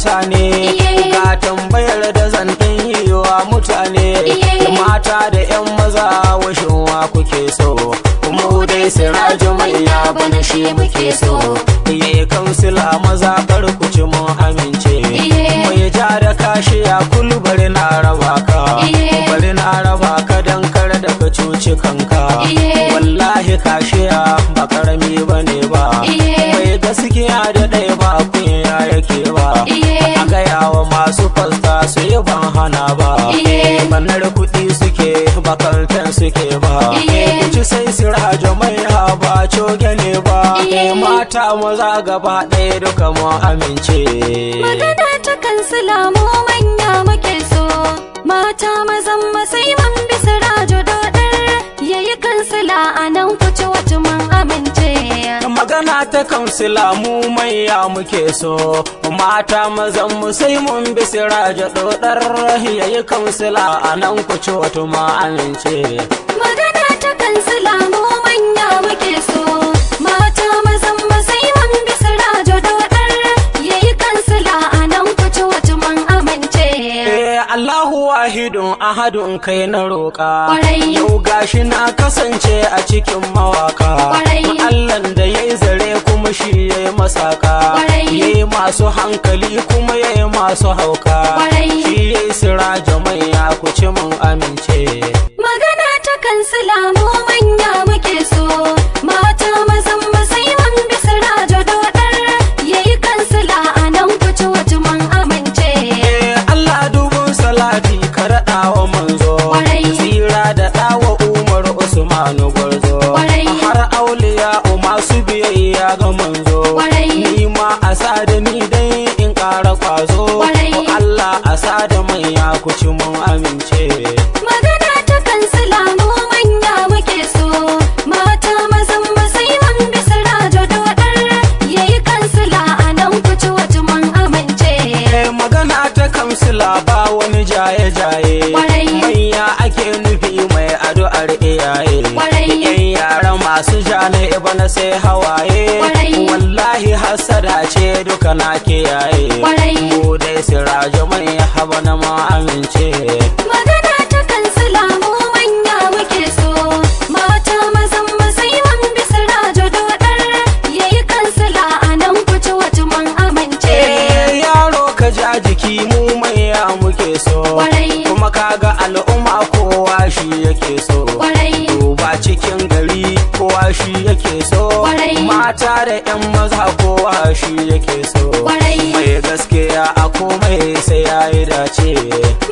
mutane ga tambayar da zan yi wa mutane mata da 'yan maza wa kuke so kuma dai sirajin mai ya bana shi muke so iye kansila maza kar ku ci mun amince mai ja da kashi ya kullu bari na raba ka bari na raba ka dan kar da ka cuci kanka wallahi kashiya ba karami bane ba mai gaskiya da ɗaya masu yi ban hana ba bannar kuɗi suke bakantan suke ba kuci sai sirajo mai ba coge ne ba mata maza gaba ɗaya duka mu amince magana ta kansila mu manya muke so mata mazan masai man bi sirajo dodar yayi kansila a nan kuci wata mun amince magana ta kansila mu manya muke so mata mazan mu sai mun bi siraje dodar kansila a nan ku ci wato ma amince magana ta kansila mu manya muke so wahidun ahadun kai na roƙa yau gashi na kasance a cikin mawaka Allahn da ya zare kuma shi ya yi masaka ya yi masu hankali kuma ya yi masu hauka shi ya yi sira jamai ya kuci mun amince magana ta kansila mu manya muke so ta ga manzo ni ma a sa da ni dai in ƙara kwazo Allah a sa da mai ya kuci mun amince magana ta kansila silamu manya muke so mata mazan masai man bisa rajo dodar yayi kan sila a nan kuci wata mun amince eh, magana ta kansila. ba wani jaye jaye manya ake nufi mai addu'ar iyaye yan yara masu ja na sai hawa dace duka na kiyaye. Kwarai. Mu dai sirajo mai haba na ma amince. 气。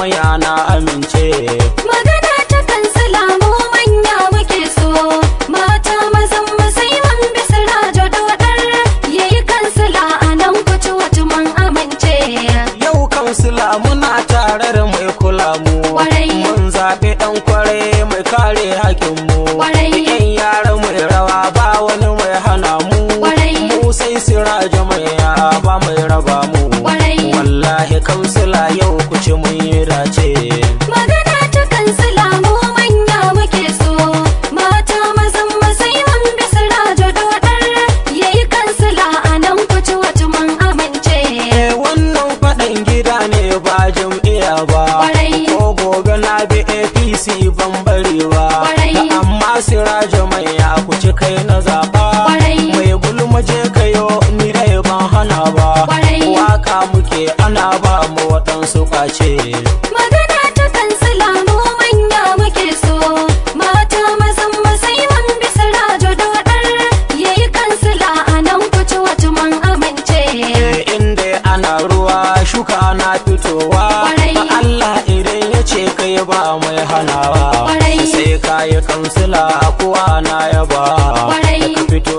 kuma ya amince. Magana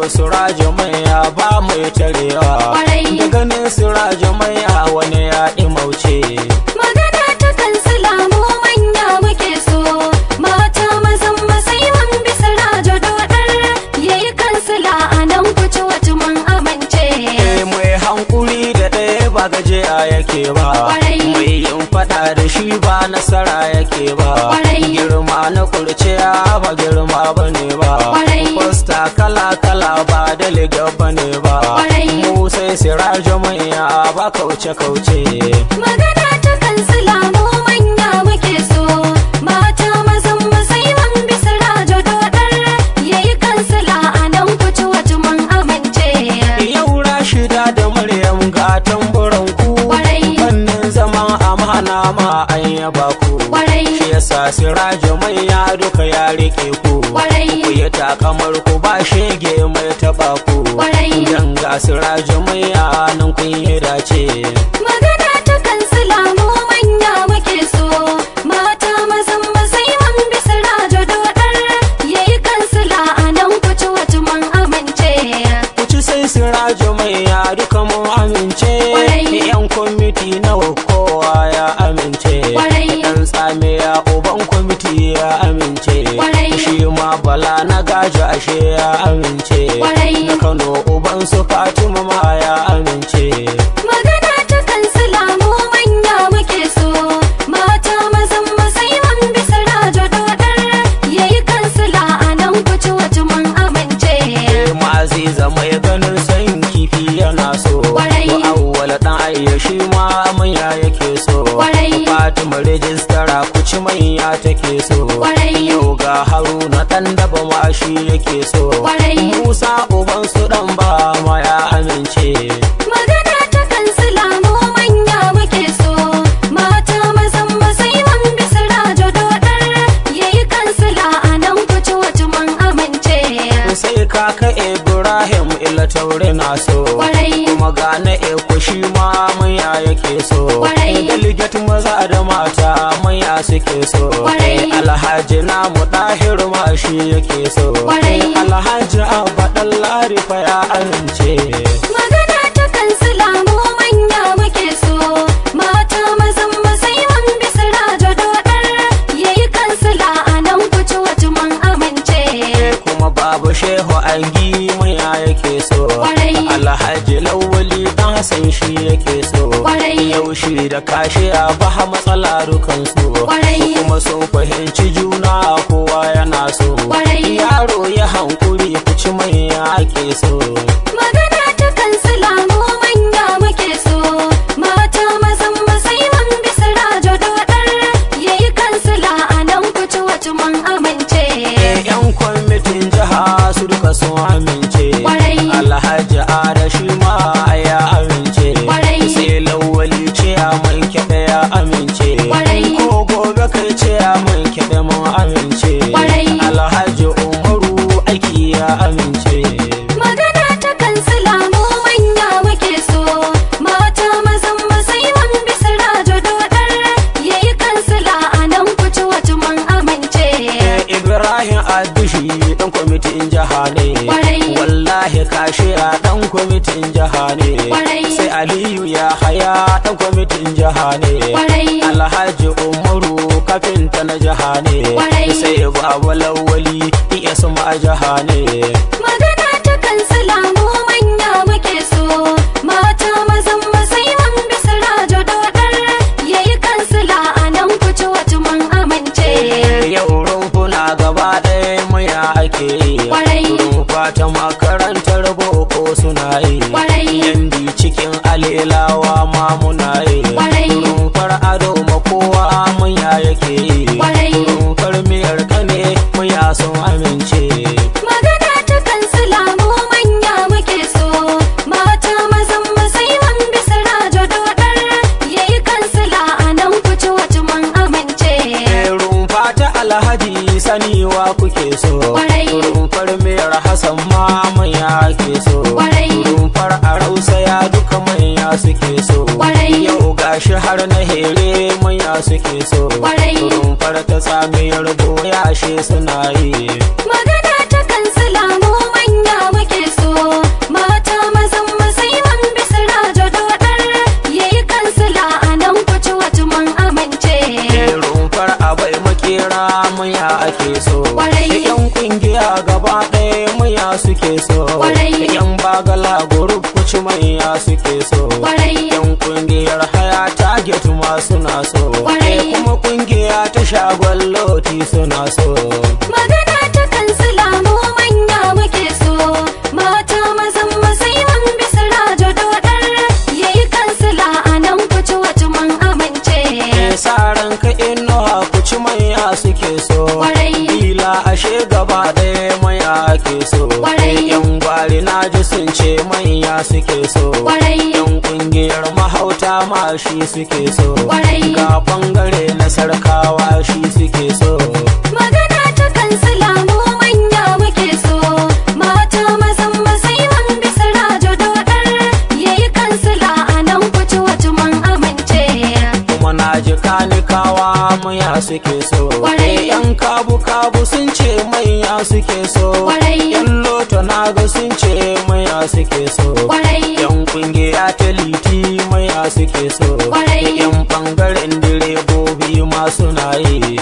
wasu raji mai ya ba mai tarewa. kai sirar jami'a ba kauce kauce magana ta kan silamu manya muke so mata mazan musaiman to jododar yayi kansila a nan kuci wata mun amince yau rashida da maryam ga tamburan ku wannan zaman amana ma an yaba ku shi yasa sirar jami'a duka ya rike ku ku yi takamar ku ba shege mai taba ku dan ga sirajin amince dan tsame ya uban kwamiti ya amince shi ma bala na gaji ashe ya amince na kano uban su fatima ma ya amince shi yake so Musa uban su dan ba ma ya amince Magana ta kan silamu manya muke so Mata mazan masai man bisira jododar Yayi kan sila a nan kuci wace man amince Sai kaka Ibrahim illa taure na so Kuma gane eko shi ma ya yake so Dalget maza da mata suke so eh, alhaji na mu ɗahiru ma shi yake so eh, alhaji a ɗan larifa ya amince shehu angi murya yake so alhaji lawali dan san shi yake so yaushe da kashi a baha matsala dukan so kuma sun fahimci juna kowa yana so yaro ya hankuri kuci mai ake so amince alhaji umaru aiki ya amince magana ta kansila mu manya muke so mata mazan masai man bisa rajo dodar yayi kansila a nan kuci wata man amince eh, ibrahim adushi dan kwamitin jaha ne wallahi kashiya dan kwamitin jaha ne sai aliyu ya haya dan kwamitin jaha ne walawali in e 'yan sama a jahane na here manya suke so, rumfar ta samiyar doya ashe suna yi. so magana ta kan mu manya muke so mata mazan musulman bisira jodo yayi kan sila anan ku ci wata mun amince saran ka inno ku manya suke so ila ashe gaba ɗaya maya ake so yan gwari na ji sun ce manya suke so yan kungiyar mahauta ma shi suke so kafin suke so eh, yan kabu kabu sun ce manya suke so yan loto naga sun ce maya suke so yan kungiya ta liti maya suke so yan bangaren direbobi ma na yi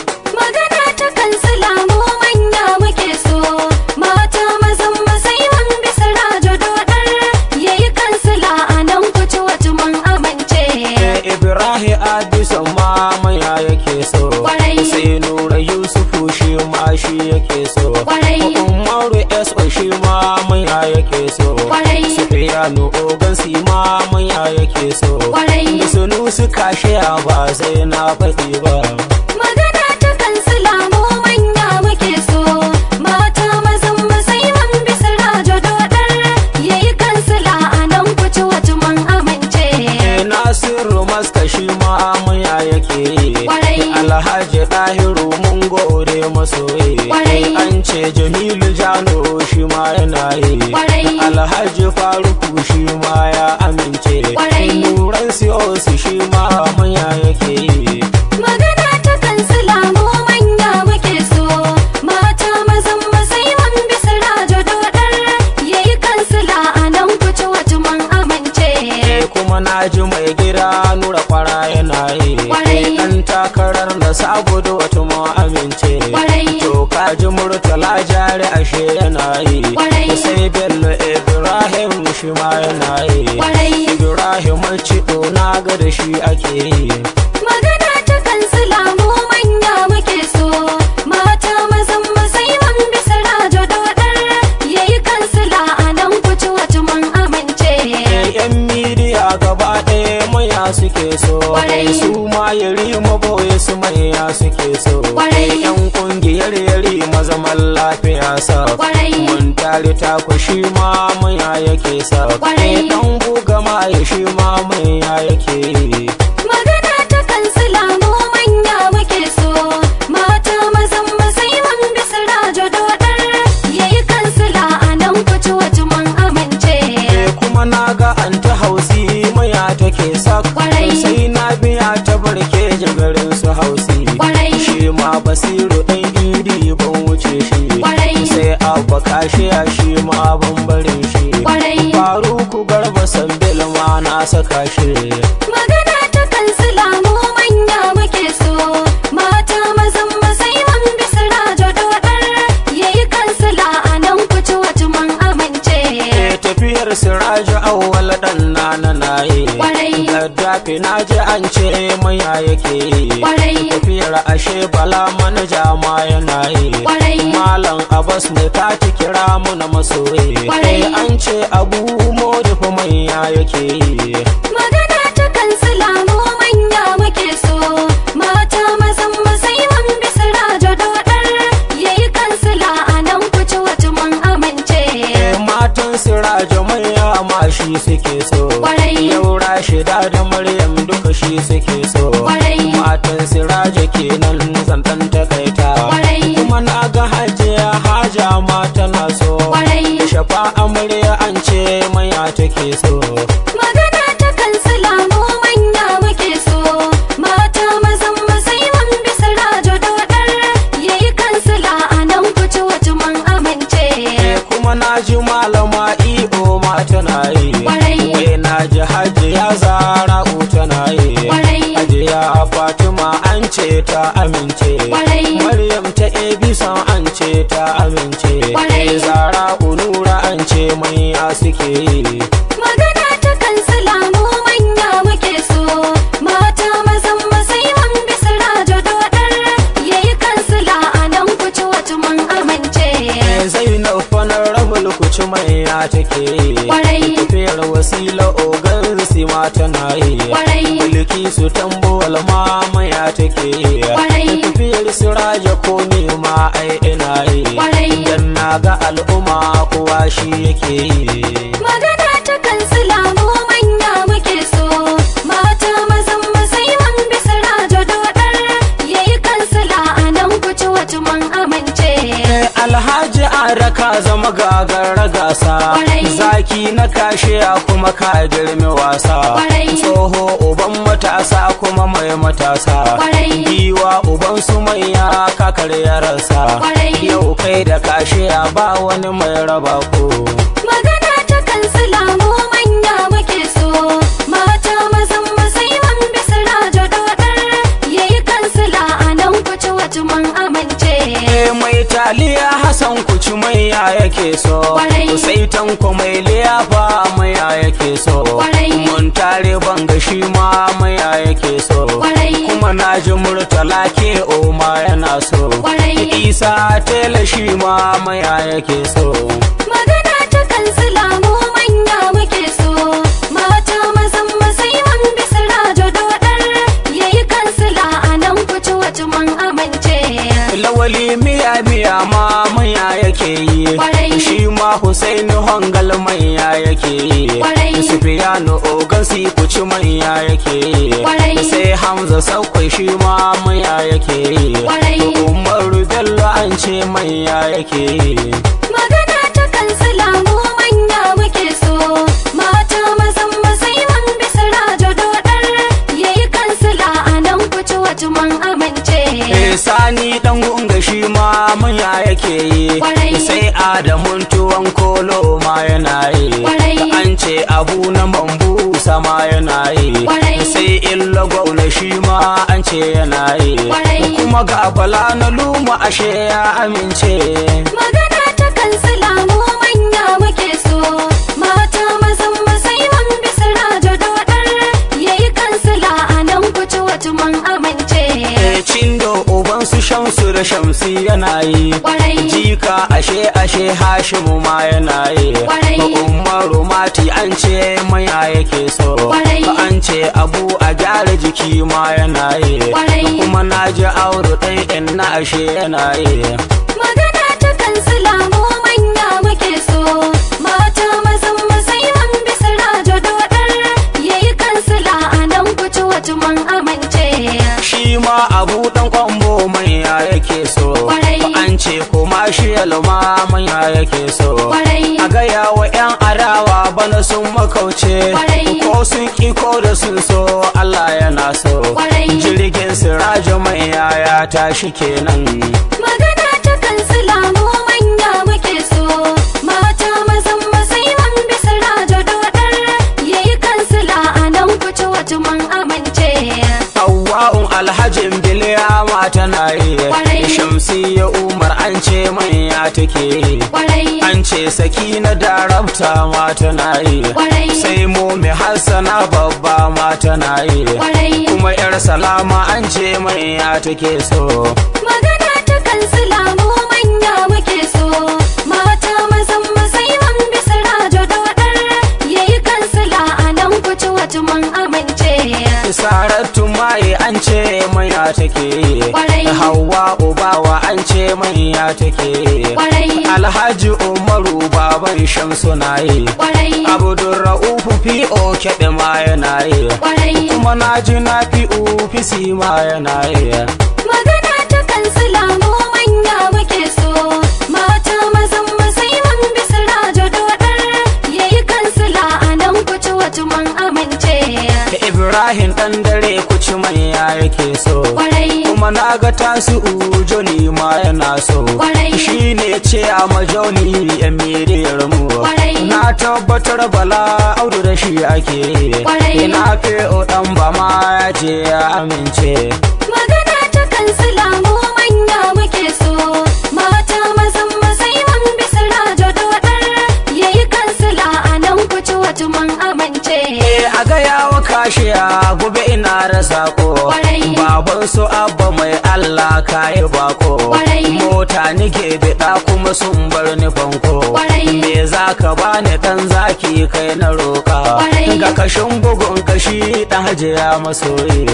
Kano ogan sima manya yake so Sulu su kashe a ba sai na faɗi ba Magana ta kan silamu manya muke so Mata mazan musaiman bisira jododar Yayi kan sila a nan kuci wata man amince eh, Nasiru maska shi ma manya yake Alhaji ɗahiru mun gode masoyi An ce Jamilu Jano alhaji faruku shi ma ya amince nuran siyosi shi ma hanya yake yi magana ta kan silamu manya muke so mata mazan masai man bisa rajo dodar yayi kansila sila a nan kuci wata man amince kuma na ji mai gira nura kwara yana yi dan takarar na sabo da wata ma amince to ka ji murtala jari ashe yana yi sai shi ma yana yi Ibrahim ci na ga da shi ake yi so su ma yari maboye su manya suke so yan kungiyar yari mazaman lafiya sa mun tare ku shi ma manya yake sa dan buga ma shi ma manya yake ta barke jagarin su hausi shi ma basiru ɗan iri ban wuce shi sai abba kashiya shi ma ban barin shi faruku garba sambil ma na saka shi ashe bala manaja ma yana yi malam abbas ne ka kira mu na masoyi kai an ce abu modi fa manya yake yi magana ta kan salamu manya muke so mata mazan masai man bisira jadodar yayi kan sila nan kuci wata mun amince eh, matan sirajo manya ma shi suke so yau rashida da maryam duka shi suke so siraje kenan zantan ta. takaita kuma na ga hajiya haja ma tana so shafa amarya an ce maya take so mai zara unura an ce mai a suke magana ta kan salamu manya muke so mata mazan masai masaiwan bisira jododar yayi kansila a nan kuci wata man amince eh, zainab fanar rabul kuci mai take kwarai tafiyar wasila ogar si ma tana yi kwarai mulki su tambuwal ma maya take kwarai tafiyar siraja ko nema ma ai ina yi ga al'umma kowa shi yake yi. Eh, alhaji ara ka zama gagara gasa zaki na kashe a kuma ka girmi wasa tsoho uban matasa kuma mai matasa giwa uban su manya ka rasa yau kai da kashe a ba wani mai raba ko magana ta kan lamu taliya Hassan kuci mai ya yake so sai tanko mai liyafa mai ya yake so mun tare ban ga shi ma mai ya yake so kuma na ji murtala ke o ma yana so isa tela shi ma mai ya yake so lawali miya miya ma manya yake yi shi ma Hussein Hongal manya yake yi Sufiyanu Ogan Sikuci manya yake yi sai Hamza Sakwai shi ma manya yake yi Umar Bello an ce manya yake yi mun tuwon kolo ma yana yi an ce abu na mambu sama yana yi sai illa gwaula shi ma an ce yana yi kuma ga bala na luma ashe ya amince magana ta kan salamu manya muke so mata mazan masai man bisa rajo dodar yayi kansila a nan kuci wata man amince eh, cindo uban su su. ga shamsi yana yi jika ashe ashe hashimu ma yana yi umaru mati an ce maya yake so an ce abu a gyara jiki ma yana yi kuma na ji auru ɗan na ashe yana yi magana ta kan silamu. kuma abu dan kwambo manya yake so an ce kuma shi yalma manya yake so a gaya wa yan adawa bana sun makauce ko sun ki ko da sun so Allah yana so jirgin sirajo manya ya tashi kenan Sarki na darabta ma na yi sai mu mai hassana babba ma na yi kuma yar salama an ce ya take so magana ta kan salamu manya muke so mata mazan masai man bisa rajo dodar yayi kan sila a nan kuci wata man amince saratu mai an ce ya take yi hawa take alhaji umaru baban shamsu na yi abdurra'ufu fi o kyaɗe ma yana yi kuma naji na fi ufi ma yana yi ibrahim ɗan dare kuci manya yake so kuma na ga tasu joni ma yana so shi ne ce a majauni emiriyar mu na tabbatar bala audu da shi ake ina fi dan ba ma ya ya amince magana ta kan silamu manya muke so mata mazan mazai man bisira da wadar yayi kansila a nan kuci wata man amince eh, a ga yawa tashi gobe ina rasa ko baban su abba mai Allah kayi bako mota nike bida kuma sun bar ni banko me zaka ka bani dan zaki kai na roka ga kashin bugun kashi dan hajiya masoyi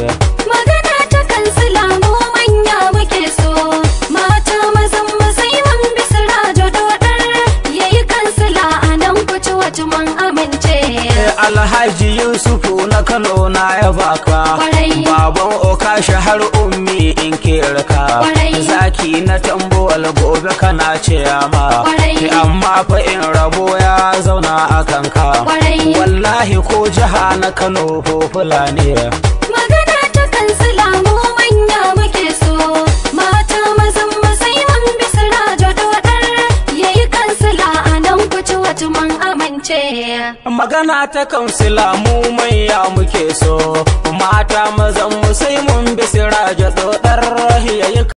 alhaji yusufu na kano na ya baka baban okashi har ummi in kirka zaki na tambo gobe kana ce ma eh, amma fa in rabo ya zauna a kanka wallahi ko jiha na kano ko fulani magana ta kansila mu manya muke so mata mazan mu sai mun bisira siraja rahiyayi